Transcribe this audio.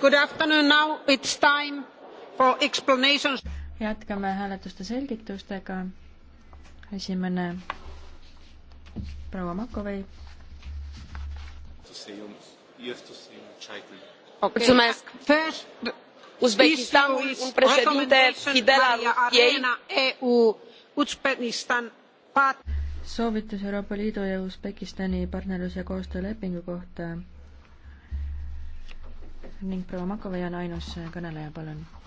Good afternoon, now it's time for explanations. jätkame hääletuste selgitustega. esimene proua Makovei. Mulțumesc. First, Uzbekistan un președinte fidel al ei. EU, Uzbekistan pat- soovitus Euroopa Liidu ja Usbekistani partnerluse koostöölepingu kohta ning proua Makovei on ainus kõneleja, palun.